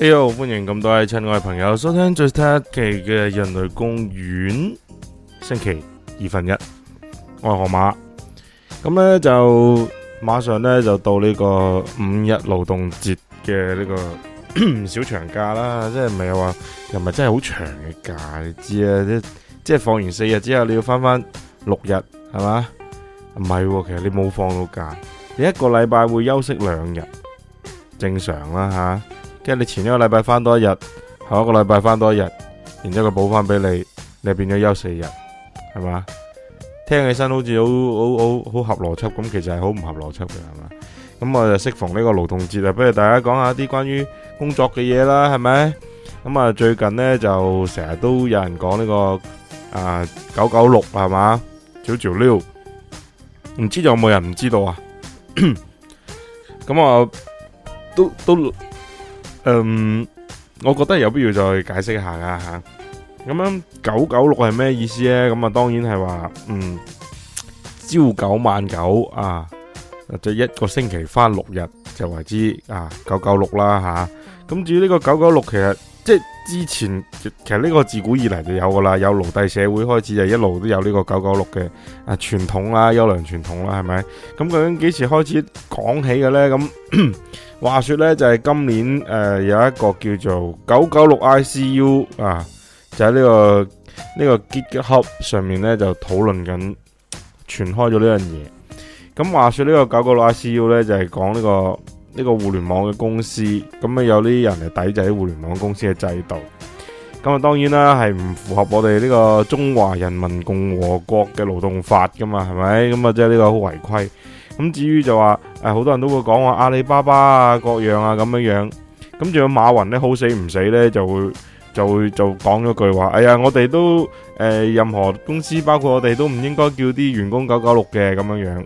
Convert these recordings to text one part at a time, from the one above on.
哎呦，Hello, 歡迎咁多位親愛朋友收聽最新一期嘅《人類公園》，星期二分一，我係河馬。咁咧就馬上咧就到呢個五一勞動節嘅呢個 小長假啦，即係唔係話又唔係真係好長嘅假，你知啊？即即係放完四日之後，你要翻翻六日，係嘛？唔係，其實你冇放到假，你一個禮拜會休息兩日，正常啦吓。即係你前一個禮拜翻多一日，下一個禮拜翻多一日，然之後佢補翻俾你，你變咗休四日，係嘛？聽起身好似好好好好合邏輯咁，其實係好唔合邏輯嘅，係嘛？咁我就適逢呢個勞動節啦，不如大家講下啲關於工作嘅嘢啦，係咪？咁啊，最近呢就成日都有人講呢個啊九九六係嘛？九九六，唔知有冇人唔知道啊？咁我都都。嗯，我覺得有必要再解釋下噶吓。咁、啊、樣九九六係咩意思呢？咁啊，當然係話，嗯，朝九晚九啊，或者一個星期返六日就為之啊，九九六啦吓。咁、啊、至於呢個九九六，其實即係之前，其實呢個自古以嚟就有噶啦，有奴隸社會開始就一路都有呢個九九六嘅啊傳統啦，優良傳統啦，係咪？咁究竟幾時開始講起嘅呢？咁？話說咧，就係今年誒有一個叫做九九六 ICU 啊，就喺呢個呢個 GitHub 上面咧，就討論緊，傳開咗呢樣嘢。咁話說呢個九九六 ICU 咧就係講呢個呢個互聯網嘅公司，咁啊有啲人嚟抵制互聯網公司嘅制度。咁啊當然啦係唔符合我哋呢個中華人民共和國嘅勞動法噶嘛，係咪？咁啊即係呢個好違規。咁至於就話誒，好、呃、多人都會講話阿里巴巴啊、各樣啊咁樣樣。咁仲有馬雲咧，好死唔死咧，就會就會、就會就講咗句話：哎呀，我哋都誒、呃、任何公司，包括我哋都唔應該叫啲員工九九六嘅咁樣樣。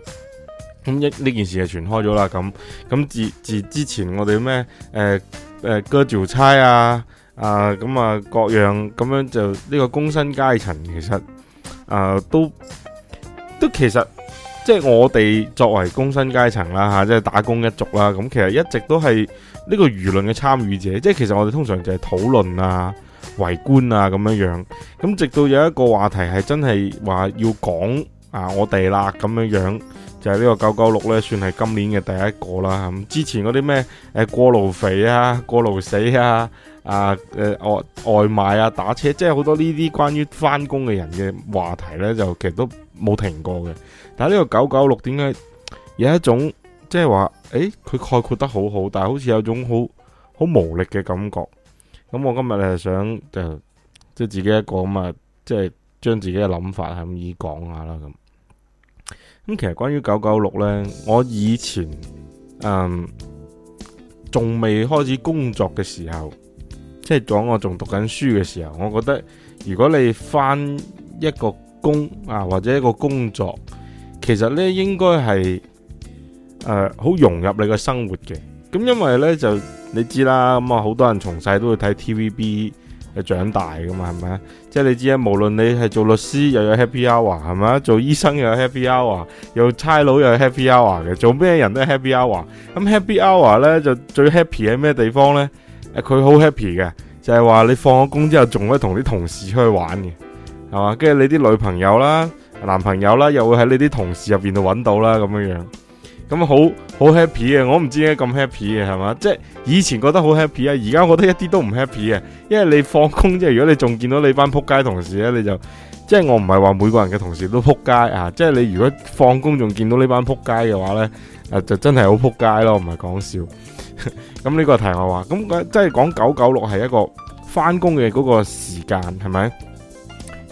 咁一呢件事係傳開咗啦。咁咁自自之前我哋咩誒誒哥調差啊、呃、啊咁啊各樣咁樣就呢、呢個工薪階層其實啊、呃、都都其實。即係我哋作為工薪階層啦吓，即係打工一族啦，咁其實一直都係呢個輿論嘅參與者。即係其實我哋通常就係討論啊、圍觀啊咁樣樣。咁直到有一個話題係真係話要講啊，我哋啦咁樣樣，就係、是、呢個九九六咧，算係今年嘅第一個啦。咁之前嗰啲咩誒過勞肥啊、過勞死啊、啊誒外、呃、外賣啊、打車，即係好多呢啲關於翻工嘅人嘅話題咧，就其實都。冇停過嘅，但係呢個九九六點解有一種即係話，誒、就是，佢、欸、概括得好好，但係好似有種好好無力嘅感覺。咁我今日咧想就即係自己一個咁啊，即係將自己嘅諗法係咁意講下啦咁。咁、嗯、其實關於九九六咧，我以前嗯仲未開始工作嘅時候，即係講我仲讀緊書嘅時候，我覺得如果你翻一個。工啊，或者一個工作，其實呢應該係誒好融入你嘅生活嘅。咁因為呢，就你知啦，咁啊好多人從細都會睇 TVB 嘅長大噶嘛，係咪？即係你知啦，無論你係做律師又有 Happy Hour，係咪？做醫生又有 Happy Hour，又差佬又有 Happy Hour 嘅，做咩人都係 Happy Hour。咁 Happy Hour 呢，就最 happy 喺咩地方呢？佢好 happy 嘅，就係話你放咗工之後仲可以同啲同事出去玩嘅。係嘛，跟住你啲女朋友啦、男朋友啦，又會喺你啲同事入邊度揾到啦，咁樣樣，咁好好 happy 嘅，我唔知點解咁 happy 嘅，係嘛，即係以前覺得好 happy 啊，而家覺得一啲都唔 happy 嘅，因為你放工即係如果你仲見到你班撲街同事咧，你就即係我唔係話每個人嘅同事都撲街啊，即係你如果放工仲見到呢班撲街嘅話咧，啊，就真係好撲街咯，唔係講笑。咁 呢個題外話，咁即係講九九六係一個翻工嘅嗰個時間係咪？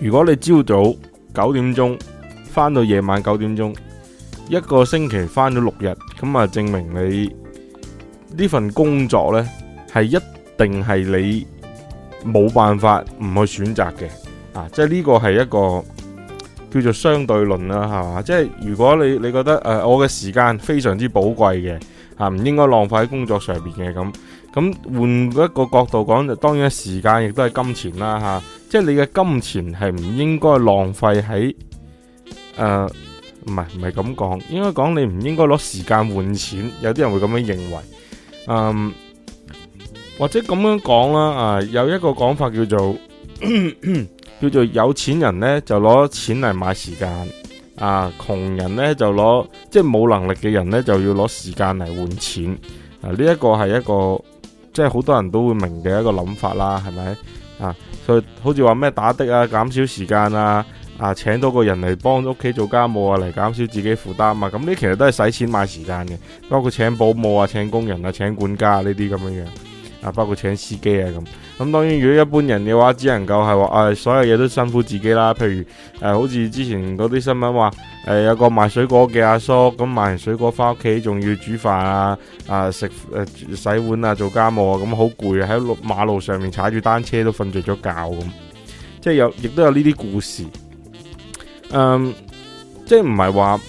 如果你朝早九點鐘翻到夜晚九點鐘，一個星期翻咗六日，咁啊證明你呢份工作呢係一定係你冇辦法唔去選擇嘅，啊，即係呢個係一個叫做相對論啦，係嘛，即係如果你你覺得誒、呃、我嘅時間非常之寶貴嘅，吓、啊、唔應該浪費喺工作上面嘅咁，咁換一個角度講就當然時間亦都係金錢啦，吓、啊。即係你嘅金錢係唔應該浪費喺誒，唔係唔係咁講，應該講你唔應該攞時間換錢。有啲人會咁樣認為，嗯，或者咁樣講啦，啊、呃，有一個講法叫做咳咳叫做有錢人呢就攞錢嚟買時間，啊、呃，窮人呢就攞即係冇能力嘅人呢就要攞時間嚟換錢。啊、呃，呢一個係一個即係好多人都會明嘅一個諗法啦，係咪？啊，所以好似話咩打的啊，減少時間啊，啊，請多個人嚟幫屋企做家務啊，嚟減少自己負擔啊，咁呢其實都係使錢買時間嘅，包括請保姆啊、請工人啊、請管家呢啲咁樣樣。啊，包括請司機啊咁，咁當然如果一般人嘅話，只能夠係話誒，所有嘢都辛苦自己啦。譬如誒、呃，好似之前嗰啲新聞話，誒、呃、有個賣水果嘅阿叔，咁、嗯、賣完水果返屋企，仲要煮飯啊，啊食誒、啊、洗碗啊，做家務啊，咁好攰啊，喺路馬路上面踩住單車都瞓着咗覺咁，即係有亦都有呢啲故事。嗯，即係唔係話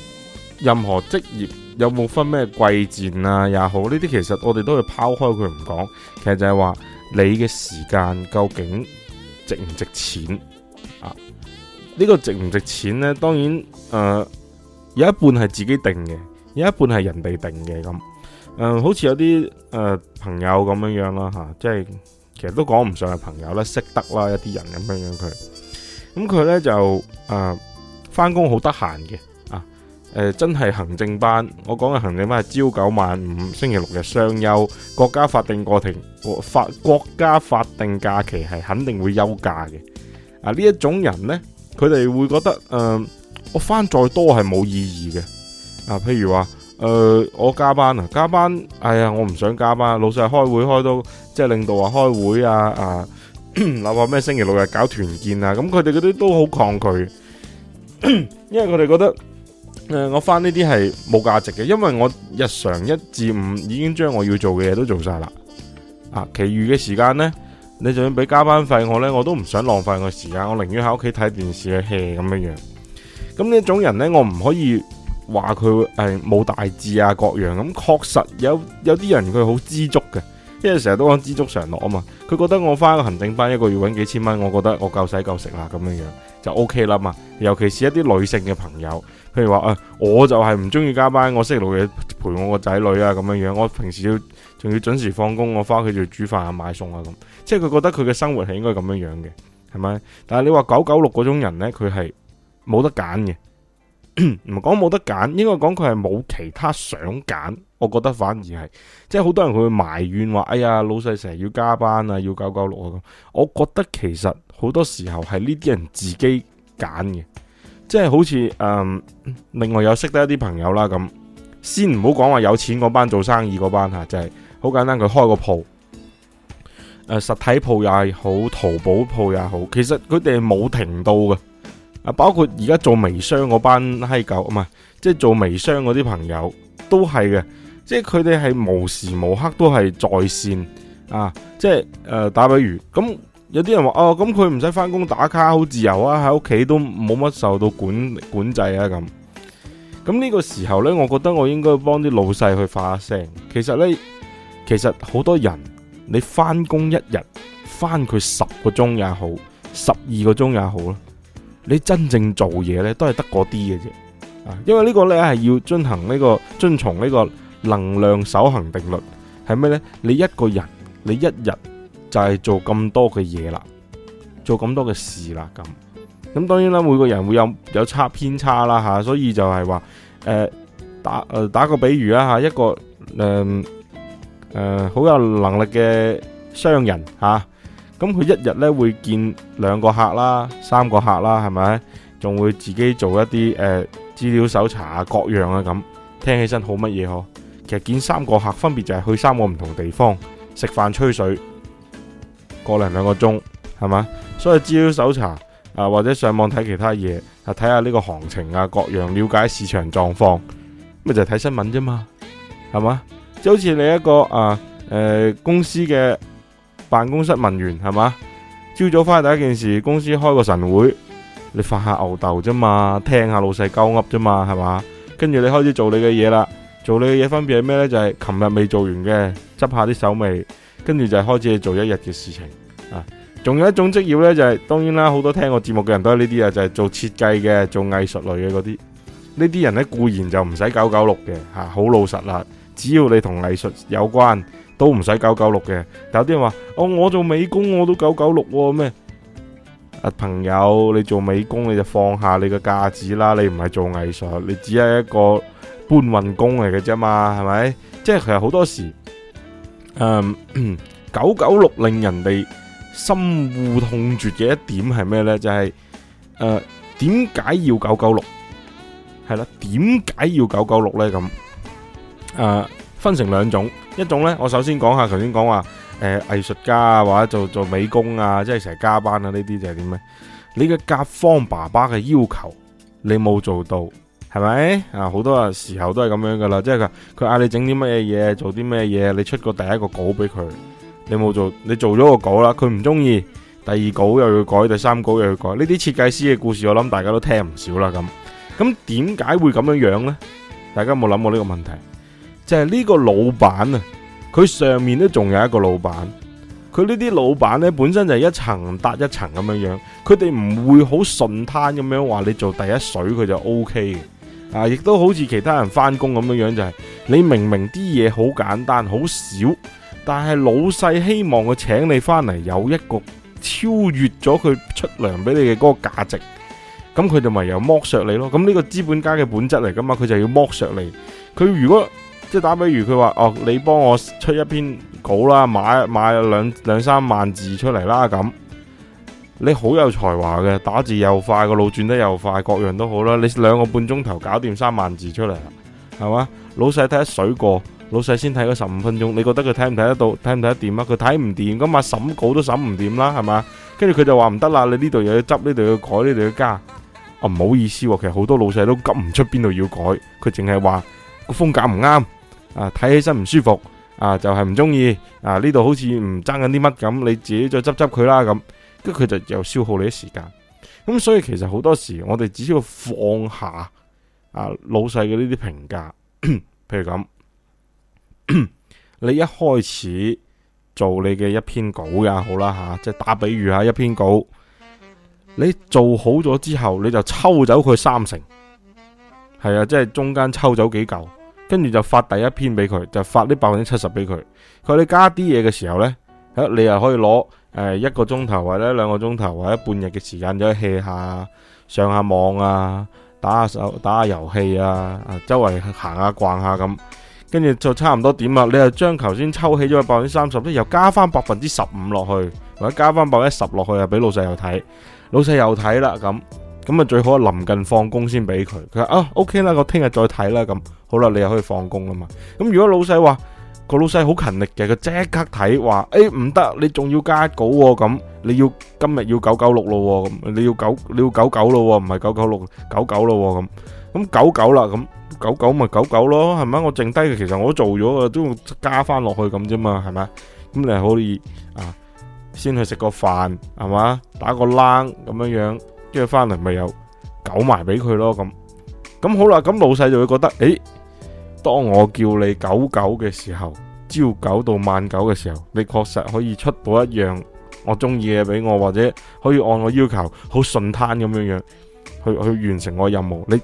任何職業。有冇分咩貴賤啊？也好呢啲，其實我哋都係拋開佢唔講。其實就係話你嘅時間究竟值唔值錢啊？呢、這個值唔值錢呢？當然，誒有一半係自己定嘅，有一半係人哋定嘅咁。誒、呃，好似有啲誒、呃、朋友咁樣樣啦，吓、啊、即係其實都講唔上係朋友咧，識得啦一啲人咁樣樣佢。咁佢、嗯、呢就誒返工好得閒嘅。呃誒、呃、真係行政班，我講嘅行政班係朝九晚五，星期六日雙休，國家法定過國庭國法國家法定假期係肯定會休假嘅。啊，呢一種人呢，佢哋會覺得誒、呃，我返再多係冇意義嘅。啊，譬如話誒、呃，我加班啊，加班，哎呀，我唔想加班。老細開會開到即係領導話開會啊啊，諗話咩星期六日搞團建啊，咁佢哋嗰啲都好抗拒，因為佢哋覺得。誒、呃，我翻呢啲係冇價值嘅，因為我日常一至五已經將我要做嘅嘢,都做晒啦。啊，其餘嘅時間呢，你就算俾加班費我呢，我都唔想浪費我時間，我寧願喺屋企睇電視嘅 hea 咁樣樣。咁呢一種人呢，我唔可以話佢係冇大志啊各樣咁。確實有有啲人佢好知足嘅，因為成日都講知足常樂啊嘛。佢覺得我翻一個行政班一個月揾幾千蚊，我覺得我夠使夠食啦，咁樣樣就 OK 啦嘛。尤其是一啲女性嘅朋友。譬如話啊、哎，我就係唔中意加班，我星期六日陪我個仔女啊咁樣樣，我平時要仲要準時放工，我翻屋企就煮飯、啊、買餸啊咁。即係佢覺得佢嘅生活係應該咁樣樣嘅，係咪？但係你話九九六嗰種人呢，佢係冇得揀嘅，唔講冇得揀，應該講佢係冇其他想揀。我覺得反而係，即係好多人佢會埋怨話：哎呀，老細成日要加班啊，要九九六啊咁。我覺得其實好多時候係呢啲人自己揀嘅。即係好似誒、嗯，另外有識得一啲朋友啦，咁，先唔好講話有錢嗰班做生意嗰班吓，就係、是、好簡單，佢開個鋪誒、呃，實體鋪又係好，淘寶鋪又好，其實佢哋冇停到嘅。啊，包括而家做微商嗰班嗨，狗，唔係，即係做微商嗰啲朋友都係嘅，即係佢哋係無時無刻都係在線啊！即係誒、呃，打比如咁。有啲人話哦，咁佢唔使翻工打卡，好自由啊，喺屋企都冇乜受到管管制啊咁。咁呢個時候呢，我覺得我應該幫啲老細去發一聲。其實呢，其實好多人你翻工一日翻佢十個鐘也好，十二個鐘也好啦，你真正做嘢呢都係得嗰啲嘅啫。因為呢個呢係要遵行呢個遵從呢個能量守恆定律，係咩呢？你一個人，你一日。就係做咁多嘅嘢啦，做咁多嘅事啦。咁咁當然啦，每個人會有有差偏差啦。嚇，所以就係話誒打誒、呃、打個比喻啦。嚇，一個誒誒、呃呃、好有能力嘅商人嚇，咁、啊、佢一日咧會見兩個客啦，三個客啦，係咪？仲會自己做一啲誒、呃、資料搜查、啊、各樣啊。咁聽起身好乜嘢呵？其實見三個客分別就係去三個唔同地方食飯吹水。過零兩個鐘，係嘛？所以資料搜查啊，或者上網睇其他嘢，睇下呢個行情啊，各樣了解市場狀況，咪就係睇新聞啫嘛，係嘛？即好似你一個啊，誒、呃，公司嘅辦公室文員，係嘛？朝早翻去第一件事，公司開個晨會，你發下牛豆啫嘛，聽下老細鳩噏啫嘛，係嘛？跟住你開始做你嘅嘢啦，做你嘅嘢分別係咩呢？就係琴日未做完嘅，執下啲手尾。跟住就係開始做一日嘅事情啊！仲有一種職業呢，就係當然啦，好多聽我節目嘅人都係呢啲啊，就係做設計嘅、做藝術類嘅嗰啲。呢啲人呢，固然就唔使九九六嘅嚇，好老實啦。只要你同藝術有關，都唔使九九六嘅。有啲人話：哦，我做美工我都九九六咩？啊朋友，你做美工你就放下你嘅架子啦，你唔係做藝術，你只係一個搬運工嚟嘅啫嘛，係咪？即係其實好多時。誒，九九六令人哋深惡痛絕嘅一點係咩呢？就係誒，點解要九九六？係啦，點解要九九六呢？咁誒，分成兩種，一種呢，我首先講下，頭先講話誒，藝術家啊，或者做做美工啊，即係成日加班啊，呢啲就係點咧？你嘅甲方爸爸嘅要求，你冇做到。係咪啊？好多人時候都係咁樣噶啦，即係佢佢嗌你整啲乜嘢嘢，做啲咩嘢，你出個第一個稿俾佢，你冇做，你做咗個稿啦，佢唔中意，第二稿又要改，第三稿又要改，呢啲設計師嘅故事，我諗大家都聽唔少啦。咁咁點解會咁樣樣呢？大家有冇諗過呢個問題？就係、是、呢個老闆啊，佢上面都仲有一個老闆，佢呢啲老闆咧，本身就一層搭一層咁樣樣，佢哋唔會好順攤咁樣話你做第一水佢就 O K 嘅。啊！亦都好似其他人翻工咁樣樣，就係你明明啲嘢好簡單、好少，但係老細希望佢請你翻嚟有一個超越咗佢出糧俾你嘅嗰個價值，咁佢就咪又剝削你咯。咁呢個資本家嘅本質嚟噶嘛，佢就要剝削你。佢如果即係打比如，佢話哦，你幫我出一篇稿啦，買買兩兩三萬字出嚟啦咁。你好有才華嘅，打字又快，個腦轉得又快，各樣都好啦。你兩個半鐘頭搞掂三萬字出嚟啦，係嘛？老細睇一水過，老細先睇咗十五分鐘。你覺得佢睇唔睇得到，睇唔睇得掂啊？佢睇唔掂咁，咪審稿都審唔掂啦，係嘛？跟住佢就話唔得啦，你呢度又要執，呢度要改，呢度要加。啊，唔好意思，其實好多老細都急唔出邊度要改，佢淨係話個風格唔啱啊，睇起身唔舒服啊，就係唔中意啊。呢度好似唔爭緊啲乜咁，你自己再執執佢啦咁。啊啊啊啊跟佢就又消耗你啲時間，咁所以其實好多時我哋只需要放下啊老細嘅呢啲評價，譬 如咁， 你一開始做你嘅一篇稿㗎好啦吓，即、啊、係、就是、打比喻一下，一篇稿，你做好咗之後，你就抽走佢三成，係啊，即、就、係、是、中間抽走幾嚿，跟住就發第一篇俾佢，就發呢百分之七十俾佢，佢你加啲嘢嘅時候呢，你又可以攞。誒，一個鐘頭或者兩個鐘頭或者半日嘅時間，就去 hea 下，上下網啊，打下手、打下遊戲啊，啊，周圍行下、逛下咁，跟住就差唔多點啊，你又將頭先抽起咗百分之三十咧，又加翻百分之十五落去，或者加翻百分之十落去啊，俾老細又睇，老細又睇啦咁，咁啊最好啊臨近放工先俾佢。佢話啊，OK 啦，我聽日再睇啦咁，好啦，你又可以放工啦嘛。咁如果老細話，個老細好勤力嘅，佢即刻睇，話，誒，唔得，你仲要加稿喎，咁，你要今日要九九六咯，咁你要九你要九九咯，唔係九九六九九咯，咁咁九九啦，咁九九咪九九咯，係咪？我剩低嘅其實我都做咗嘅，都要加翻落去咁啫嘛，係咪？咁你係可以啊，先去食個飯係嘛，打個冷咁樣樣，跟住翻嚟咪又搞埋俾佢咯，咁咁好啦，咁老細就會覺得誒。當我叫你九九嘅時候，朝九到晚九嘅時候，你確實可以出到一樣我中意嘅俾我，或者可以按我要求好順攤咁樣樣，去去完成我任務。你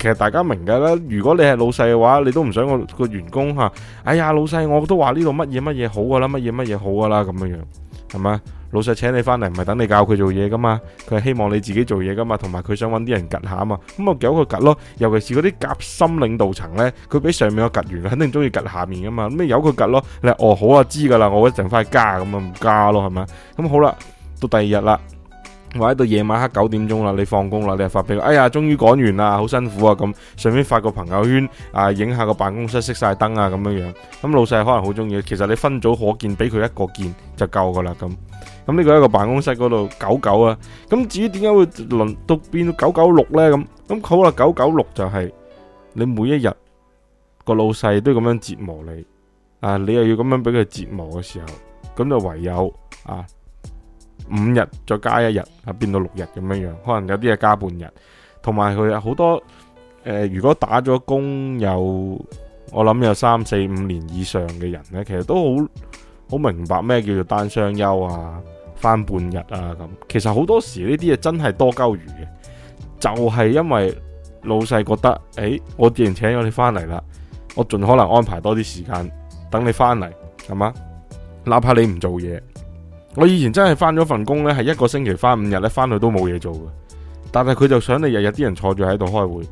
其實大家明噶啦，如果你係老細嘅話，你都唔想個個員工吓，哎呀老細，我都話呢度乜嘢乜嘢好噶啦，乜嘢乜嘢好噶啦咁樣樣，係咪？老實請你翻嚟唔係等你教佢做嘢噶嘛，佢係希望你自己做嘢噶嘛，同埋佢想揾啲人夾下啊嘛，咁啊由佢夾咯。尤其是嗰啲夾心領導層呢，佢俾上面個夾完，肯定中意夾下面噶嘛，咁咪由佢夾咯。嗱，哦好啊，知噶啦，我一陣翻去加咁啊，唔加咯，係咪？咁好啦，到第二日啦。或者到夜晚黑九點鐘啦，你放工啦，你又發俾佢，哎呀，終於趕完啦，好辛苦啊！咁順便發個朋友圈啊，影下個辦公室熄晒燈啊，咁樣樣。咁老細可能好中意，其實你分組可見，俾佢一個見就夠噶啦咁。咁呢個喺個辦公室嗰度九九啊。咁至於點解會輪到變到九九六呢？咁咁好啦，九九六就係你每一日個老細都咁樣折磨你，啊，你又要咁樣俾佢折磨嘅時候，咁就唯有啊。五日再加一日，啊變到六日咁樣樣，可能有啲係加半日，同埋佢有好多誒、呃，如果打咗工有我諗有三四五年以上嘅人咧，其實都好好明白咩叫做單雙休啊，翻半日啊咁。其實好多時呢啲嘢真係多鳩餘嘅，就係、是、因為老細覺得誒、欸，我既然請咗你翻嚟啦，我盡可能安排多啲時間等你翻嚟，係嘛，哪怕你唔做嘢。我以前真係返咗份工呢，係一個星期返五日呢，返去都冇嘢做嘅。但係佢就想你日日啲人坐住喺度開會，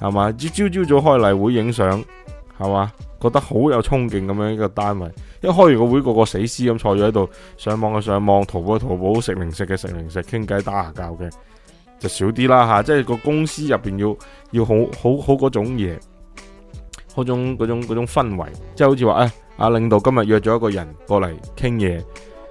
係嘛？朝朝早開例會影相，係嘛？覺得好有衝勁咁樣一個單位。一開完個會，個個死屍咁坐住喺度，上網嘅上網，淘寶嘅淘寶，食零食嘅食零食，傾偈打下交嘅，就少啲啦吓、啊。即係個公司入邊要要好好好嗰種嘢，嗰種嗰種嗰種氛圍，即係好似話咧，阿、哎啊、領導今日約咗一個人過嚟傾嘢。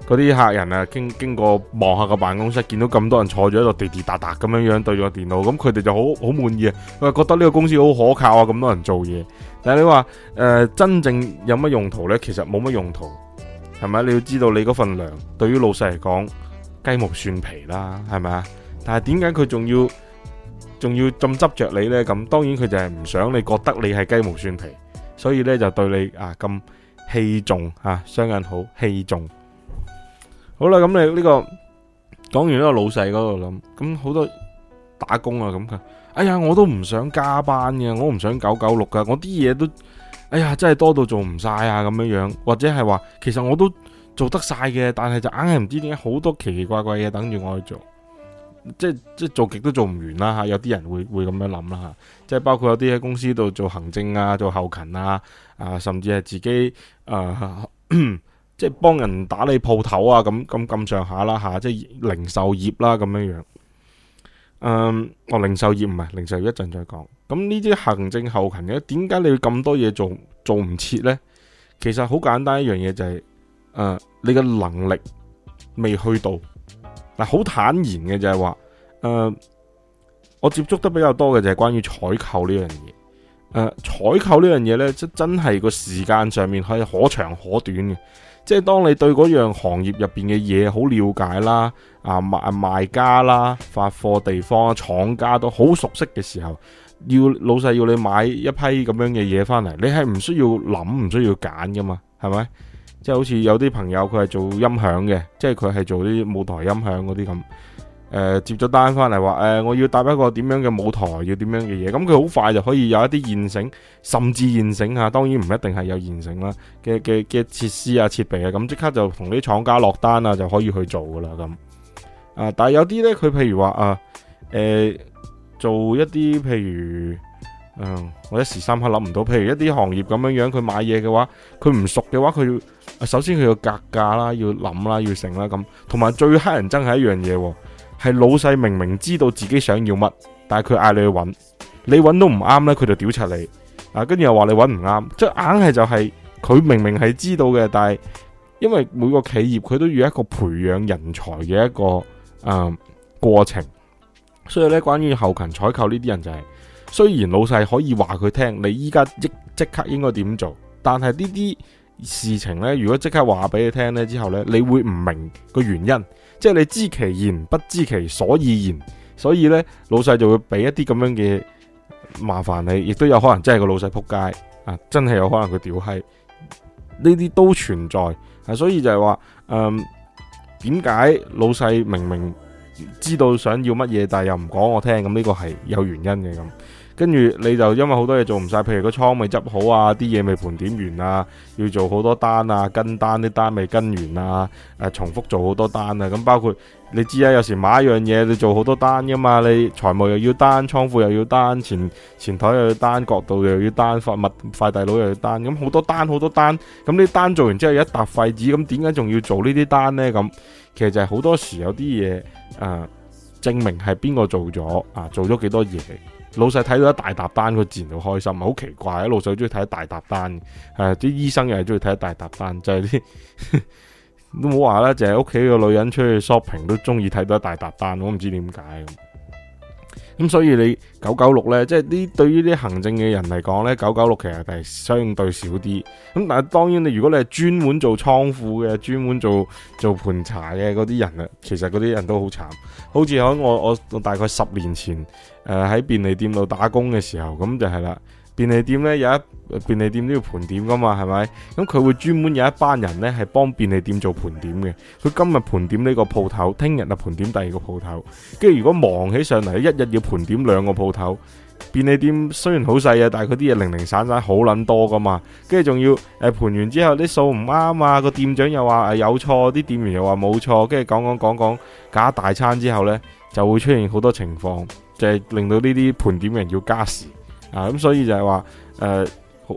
嗰啲客人啊，經經過望下個辦公室，見到咁多人坐咗喺度，滴滴答答咁樣樣對住個電腦，咁佢哋就好好滿意啊。佢覺得呢個公司好可靠啊，咁多人做嘢。但係你話誒、呃、真正有乜用途呢？其實冇乜用途，係咪啊？你要知道你嗰份糧對於老細嚟講雞毛蒜皮啦，係咪啊？但係點解佢仲要仲要咁執着你呢？咁當然佢就係唔想你覺得你係雞毛蒜皮，所以呢，就對你啊咁器重啊，雙眼好器重。啊相好啦，咁你呢、這個講完呢個老細嗰度諗，咁好多打工啊咁，佢哎呀，我都唔想加班嘅，我唔想九九六噶，我啲嘢都，哎呀，真係多到做唔晒啊，咁樣樣，或者係話，其實我都做得晒嘅，但係就硬係唔知點解好多奇奇怪怪嘢等住我去做，即係即係做極都做唔完啦、啊、吓，有啲人會會咁樣諗啦吓，即係包括有啲喺公司度做行政啊，做後勤啊，啊，甚至係自己啊。呃 即係幫人打理鋪頭啊，咁咁咁上下啦吓，即係零售業啦咁樣樣。嗯，哦，零售業唔係零售業一，一陣再講。咁呢啲行政後勤嘅，點解你要咁多嘢做做唔切呢？其實好簡單一樣嘢就係、是，誒、呃，你嘅能力未去到。嗱，好坦然嘅就係話，誒、呃，我接觸得比較多嘅就係關於採購呢樣嘢。誒、呃，採購呢樣嘢呢，即真真係個時間上面係可長可短嘅。即係當你對嗰樣行業入邊嘅嘢好了解啦，啊賣賣家啦、發貨地方啊、廠家都好熟悉嘅時候，要老細要你買一批咁樣嘅嘢翻嚟，你係唔需要諗、唔需要揀㗎嘛，係咪？即係好似有啲朋友佢係做音響嘅，即係佢係做啲舞台音響嗰啲咁。誒、呃、接咗單翻嚟話誒，我要搭一個點樣嘅舞台，要點樣嘅嘢，咁佢好快就可以有一啲現成，甚至現成啊！當然唔一定係有現成啦嘅嘅嘅設施啊、設備啊，咁即刻就同啲廠家落單啊，就可以去做噶啦咁。啊，但係有啲咧，佢譬如話啊，誒、呃、做一啲譬如，嗯，我一時三刻諗唔到，譬如一啲行業咁樣樣，佢買嘢嘅話，佢唔熟嘅話，佢要首先佢要格價啦，要諗啦，要成啦咁，同埋最黑人憎係一樣嘢、啊。係老細明明知道自己想要乜，但係佢嗌你去揾，你揾都唔啱呢，佢就屌柒你啊！跟住又話你揾唔啱，即硬係就係、是，佢明明係知道嘅，但係因為每個企業佢都要一個培養人才嘅一個誒、呃、過程，所以呢，關於後勤採購呢啲人就係、是，雖然老細可以話佢聽，你依家即即刻應該點做，但係呢啲事情呢，如果即刻話俾你聽呢之後呢，你會唔明個原因。即係你知其然不知其所以然，所以呢，老細就會俾一啲咁樣嘅麻煩你，亦都有可能真係個老細撲街啊，真係有可能佢屌閪，呢啲都存在啊，所以就係話，嗯，點解老細明明知道想要乜嘢，但係又唔講我聽，咁呢個係有原因嘅咁。跟住你就因為好多嘢做唔晒，譬如個倉未執好啊，啲嘢未盤點完啊，要做好多單啊，跟單啲單未跟完啊，誒、呃、重複做好多單啊，咁包括你知啊，有時買一樣嘢你做好多單噶嘛，你財務又要單，倉庫又要單，前前台又要單，角度又要單，發物快遞佬又要單，咁好多單好多單，咁啲單、啊、單做完之後一沓廢紙，咁點解仲要做呢啲單呢？咁、啊、其實就係好多時有啲嘢誒，證明係邊個做咗啊，做咗幾多嘢。老細睇到一大沓單，佢自然就開心，好奇怪啊！老細中意睇一大沓單，誒，啲醫生又係中意睇一大沓單，就係、是、啲 都冇話啦，就係屋企個女人出去 shopping 都中意睇到一大沓單，我唔知點解。咁所以你九九六咧，即係呢對於啲行政嘅人嚟講咧，九九六其實係相對少啲。咁但係當然你如果你係專門做倉庫嘅，專門做做盤查嘅嗰啲人啊，其實嗰啲人都好慘。好似喺我我大概十年前，誒、呃、喺便利店度打工嘅時候，咁就係啦。便利店呢，有一便利店都要盤點噶嘛，係咪？咁佢會專門有一班人呢，係幫便利店做盤點嘅。佢今日盤點呢個鋪頭，聽日啊盤點第二個鋪頭。跟住如果忙起上嚟，一日要盤點兩個鋪頭。便利店雖然好細啊，但係佢啲嘢零零散散，好捻多噶嘛。跟住仲要誒，盤、呃、完之後啲數唔啱啊，個店長又話誒有錯，啲店員又話冇錯，跟住講講講講，搞大餐之後呢，就會出現好多情況，就係、是、令到呢啲盤點嘅人要加時。啊，咁所以就係話誒，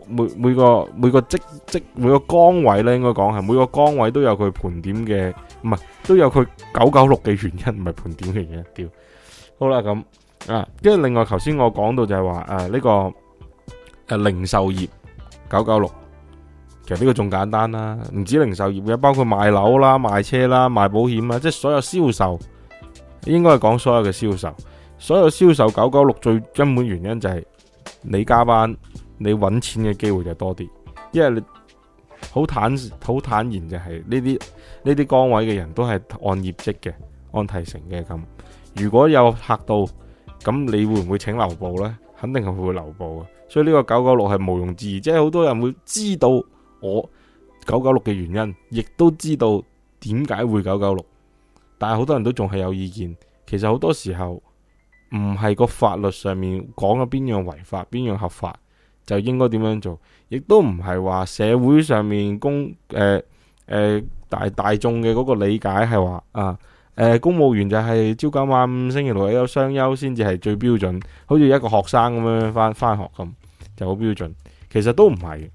每每個每個職職每個崗位咧，應該講係每個崗位都有佢盤點嘅，唔係都有佢九九六嘅原因，唔係盤點嘅原因。屌好啦，咁啊，跟住另外，頭先我講到就係話誒呢個誒、呃、零售業九九六，6, 其實呢個仲簡單啦，唔止零售業嘅，包括賣樓啦、賣車啦、賣保險啊，即係所有銷售，應該係講所有嘅銷售，所有銷售九九六最根本原因就係、是。你加班，你揾錢嘅機會就多啲，因為你好坦好坦然就係呢啲呢啲崗位嘅人都係按業績嘅，按提成嘅咁。如果有客到，咁你會唔會請留步呢？肯定係會留步嘅。所以呢個九九六係毋庸置疑，即係好多人會知道我九九六嘅原因，亦都知道點解會九九六，但係好多人都仲係有意見。其實好多時候。唔係個法律上面講嘅邊樣違法邊樣合法就應該點樣做，亦都唔係話社會上面公誒誒、呃呃、大大眾嘅嗰個理解係話啊誒、呃、公務員就係朝九晚五，星期六又有雙休先至係最標準，好似一個學生咁樣翻翻學咁就好標準。其實都唔係，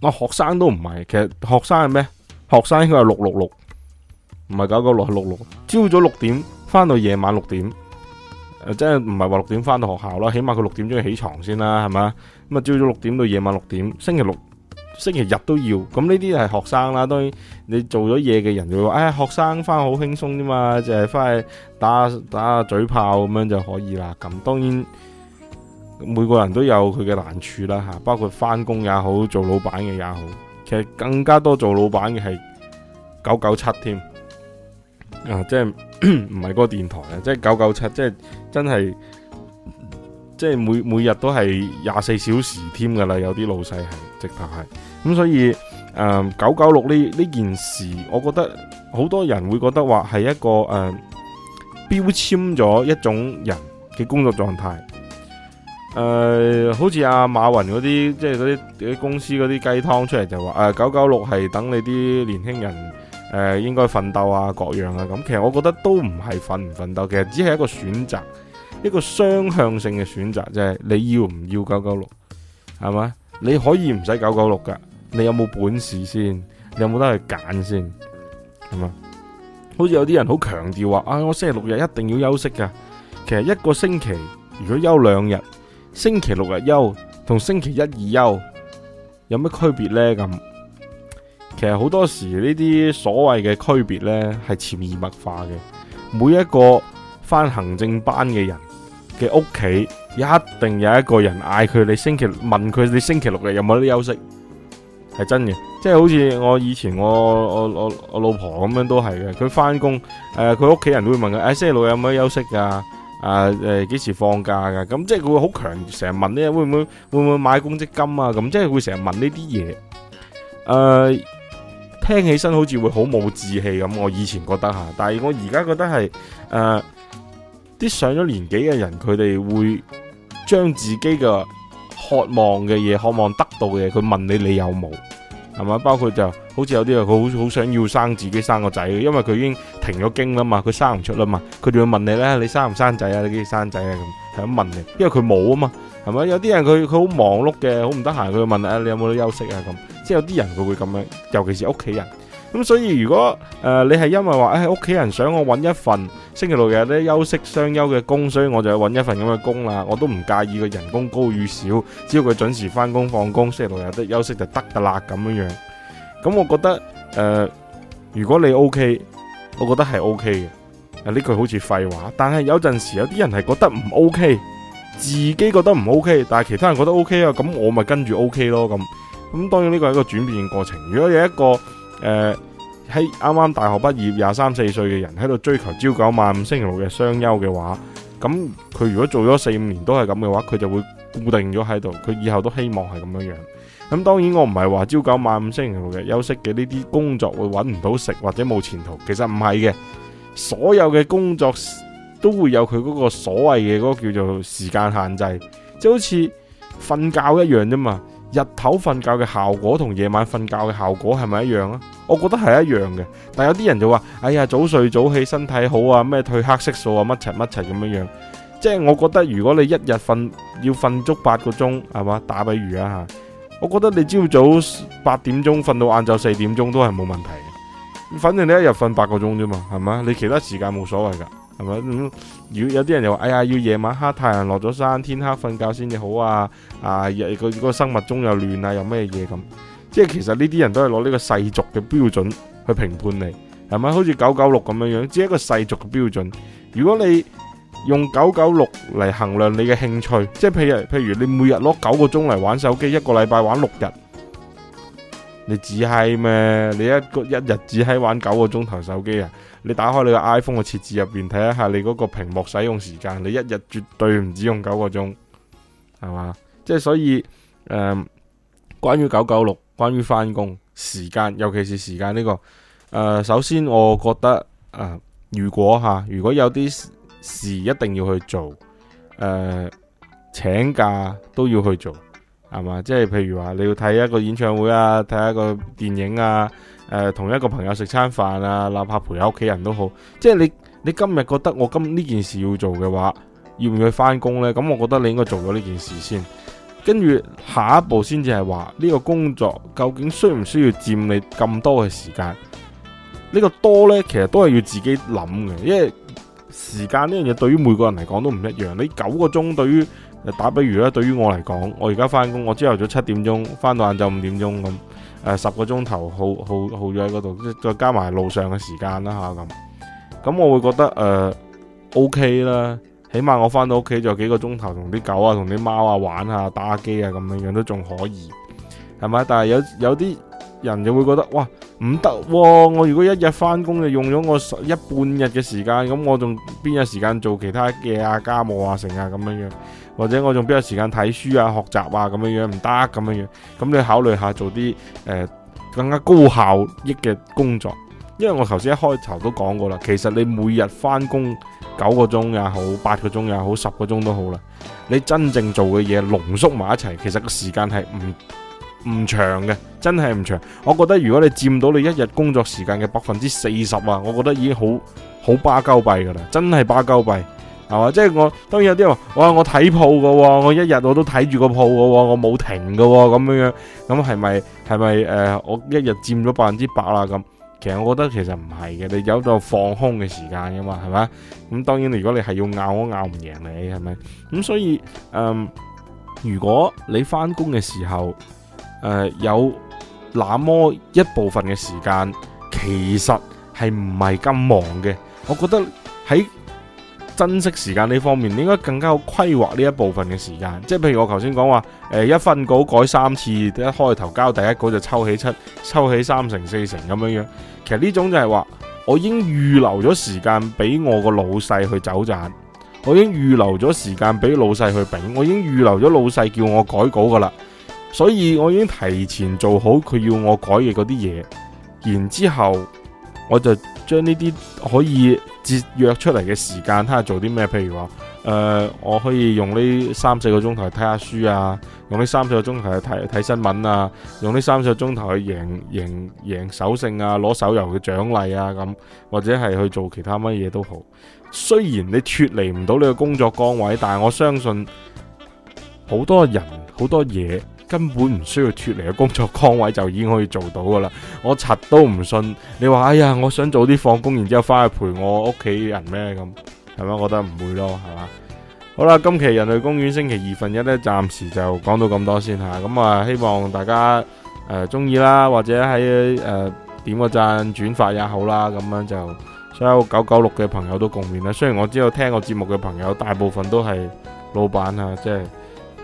我、哦、學生都唔係，其實學生係咩？學生應該係六六六，唔係九九六係六六六，朝早六點翻到夜晚六點。誒，真係唔係話六點翻到學校啦，起碼佢六點鐘要起床先啦，係咪？咁啊朝早六點到夜晚六點，星期六、星期日都要。咁呢啲係學生啦，當然你做咗嘢嘅人就會話，誒、哎，學生翻好輕鬆啫嘛，就係、是、翻去打打下嘴炮咁樣就可以啦。咁當然每個人都有佢嘅難處啦，吓，包括翻工也好，做老闆嘅也好，其實更加多做老闆嘅係九九七添，啊，即係。唔係嗰個電台咧，即係九九七，即係真係，即係每每日都係廿四小時添噶啦，有啲老細係，直頭係。咁所以，誒九九六呢呢件事，我覺得好多人會覺得話係一個誒，標籤咗一種人嘅工作狀態。誒，好似阿馬雲嗰啲，即係嗰啲公司嗰啲雞湯出嚟就話，誒九九六係等你啲年輕人。誒，應該奮鬥啊，各樣啊，咁其實我覺得都唔係奮唔奮鬥，其實只係一個選擇，一個雙向性嘅選擇，即係你要唔要九九六，係嘛？你可以唔使九九六噶，你有冇本事先？你有冇得去揀先？係嘛？好似有啲人好強調話啊，我星期六日一定要休息噶。其實一個星期如果休兩日，星期六日休同星期一二休有咩區別呢？咁？其實好多時呢啲所謂嘅區別呢，係潛移默化嘅。每一個翻行政班嘅人嘅屋企，一定有一個人嗌佢，你星期六問佢，你星期六日有冇得休息？係真嘅，即係好似我以前我我我我老婆咁樣都係嘅。佢翻工誒，佢屋企人都會問佢，誒、啊、星期六有冇休息噶、啊？啊誒幾、呃、時放假噶？咁即係佢會好強，成日問呢，會唔會會唔會買公積金啊？咁即係會成日問呢啲嘢誒。呃聽起身好似會好冇志氣咁，我以前覺得吓，但係我而家覺得係誒，啲、呃、上咗年紀嘅人佢哋會將自己嘅渴望嘅嘢、渴望得到嘅嘢，佢問你你有冇係嘛？包括就好似有啲人佢好好想要生自己生個仔因為佢已經停咗經啦嘛，佢生唔出啦嘛，佢哋會問你咧，你生唔生仔啊？你幾生仔啊？咁係咁問你，因為佢冇啊嘛，係嘛？有啲人佢佢好忙碌嘅，好唔得閒，佢問誒、啊，你有冇得休息啊？咁。即係有啲人佢會咁樣，尤其是屋企人。咁所以如果誒、呃、你係因為話誒屋企人想我揾一份星期六日得休息雙休嘅工，所以我就揾一份咁嘅工啦。我都唔介意佢人工高與少，只要佢準時翻工放工，星期六日得休息就得噶啦咁樣樣。咁我覺得誒、呃，如果你 OK，我覺得係 O K 嘅。啊呢句好似廢話，但係有陣時有啲人係覺得唔 O K，自己覺得唔 O K，但係其他人覺得 O K 啊，咁我咪跟住 O K 咯咁。咁當然呢個係一個轉變過程。如果有一個誒喺啱啱大學畢業，廿三四歲嘅人喺度追求朝九晚五星期六嘅雙休嘅話，咁佢如果做咗四五年都係咁嘅話，佢就會固定咗喺度，佢以後都希望係咁樣樣。咁當然我唔係話朝九晚五星期六嘅休息嘅呢啲工作會揾唔到食或者冇前途，其實唔係嘅。所有嘅工作都會有佢嗰個所謂嘅嗰個叫做時間限制，即好似瞓覺一樣啫嘛。日頭瞓覺嘅效果同夜晚瞓覺嘅效果係咪一樣啊？我覺得係一樣嘅，但有啲人就話：哎呀，早睡早起身體好啊，咩褪黑色素啊，乜齊乜齊咁樣樣。即係我覺得如果你一日瞓要瞓足八個鐘，係嘛？打比喻啊吓，我覺得你朝早八點鐘瞓到晏晝四點鐘都係冇問題。反正你一日瞓八個鐘啫嘛，係嘛？你其他時間冇所謂噶，係咪？嗯如果有啲人又話，哎呀，要夜晚黑太陽落咗山，天黑瞓覺先至好啊！啊，日個生物鐘又亂啊，又咩嘢咁？即係其實呢啲人都係攞呢個世俗嘅標準去評判你，係咪？好似九九六咁樣樣，只係一個世俗嘅標準。如果你用九九六嚟衡量你嘅興趣，即係譬如譬如你每日攞九個鐘嚟玩手機，一個禮拜玩六日。你只係咩？你一個一日只係玩九個鐘頭手機啊！你打開你個 iPhone 嘅設置入邊睇一下你嗰個屏幕使用時間，你一日絕對唔止用九個鐘，係嘛？即係所以誒關於九九六，關於翻工時間尤其是時間呢個誒首先我覺得誒，如果吓如果有啲事一定要去做誒請假都要去做。係嘛？即係譬如話，你要睇一個演唱會啊，睇一個電影啊，誒、呃，同一個朋友食餐飯啊，哪怕陪下屋企人都好。即係你，你今日覺得我今呢件事要做嘅話，要唔要去返工呢？咁我覺得你應該做咗呢件事先，跟住下一步先至係話呢個工作究竟需唔需要佔你咁多嘅時間？呢、這個多呢，其實都係要自己諗嘅，因為時間呢樣嘢對於每個人嚟講都唔一樣。你九個鐘對於打比如啦，對於我嚟講，我而家翻工，我朝頭早七點鐘翻到晏晝五點鐘咁，誒、呃、十個鐘頭耗耗咗喺嗰度，再加埋路上嘅時間啦嚇咁。咁、啊、我會覺得誒 O K 啦，起碼我翻到屋企仲有幾個鐘頭同啲狗啊、同啲貓啊玩下、打下機啊，咁樣樣都仲可以係咪？但係有有啲人就會覺得哇，唔得喎，我如果一日翻工就用咗我一半日嘅時間，咁我仲邊有時間做其他嘢啊、家務啊、成啊咁樣樣？或者我仲邊有時間睇書啊、學習啊咁樣樣唔得咁樣樣，咁你考慮下做啲誒、呃、更加高效益嘅工作。因為我頭先一開頭都講過啦，其實你每日翻工九個鐘也好，八個鐘也好，十個鐘都好啦，你真正做嘅嘢濃縮埋一齊，其實個時間係唔唔長嘅，真係唔長。我覺得如果你佔到你一日工作時間嘅百分之四十啊，我覺得已經好好巴鳩閉噶啦，真係巴鳩閉。係嘛？即係、就是、我當然有啲人話，哇！我睇鋪噶，我一日我都睇住個鋪噶，我冇停噶咁樣樣。咁係咪係咪誒？我一日佔咗百分之百啦咁。其實我覺得其實唔係嘅，你有度放空嘅時間噶嘛，係咪？咁當然，如果你係要拗我拗唔贏你，係咪？咁所以，嗯、呃，如果你返工嘅時候，誒、呃、有那麼一部分嘅時間，其實係唔係咁忙嘅？我覺得喺。珍惜時間呢方面，你應該更加好規劃呢一部分嘅時間。即係譬如我頭先講話，誒一份稿改三次，一開頭交第一稿就抽起七，抽起三成四成咁樣樣。其實呢種就係話，我已經預留咗時間俾我個老細去走盞，我已經預留咗時間俾老細去炳，我已經預留咗老細叫我改稿㗎喇。所以我已經提前做好佢要我改嘅嗰啲嘢，然之後我就。將呢啲可以節約出嚟嘅時間，睇下做啲咩？譬如話，誒、呃，我可以用呢三四個鐘頭去睇下書啊，用呢三四個鐘頭去睇睇新聞啊，用呢三四個鐘頭去贏贏贏首勝啊，攞手遊嘅獎勵啊咁，或者係去做其他乜嘢都好。雖然你脫離唔到你嘅工作崗位，但係我相信好多人好多嘢。根本唔需要脫離嘅工作崗位就已經可以做到噶啦，我柒都唔信你話，哎呀，我想早啲放工，然之後翻去陪我屋企人咩咁，係咪我覺得唔會咯，係嘛？好啦，今期人類公園星期二份一咧，暫時就講到咁多先吓，咁啊，希望大家誒中意啦，或者喺誒、呃、點個讚、轉發也好啦，咁樣就所有九九六嘅朋友都共勉啦。雖然我知道聽我節目嘅朋友大部分都係老闆啊，即係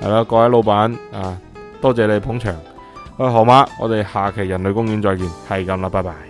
係啦，各位老闆啊。多謝你捧場，喂何媽，我哋下期人類公園再見，係咁啦，拜拜。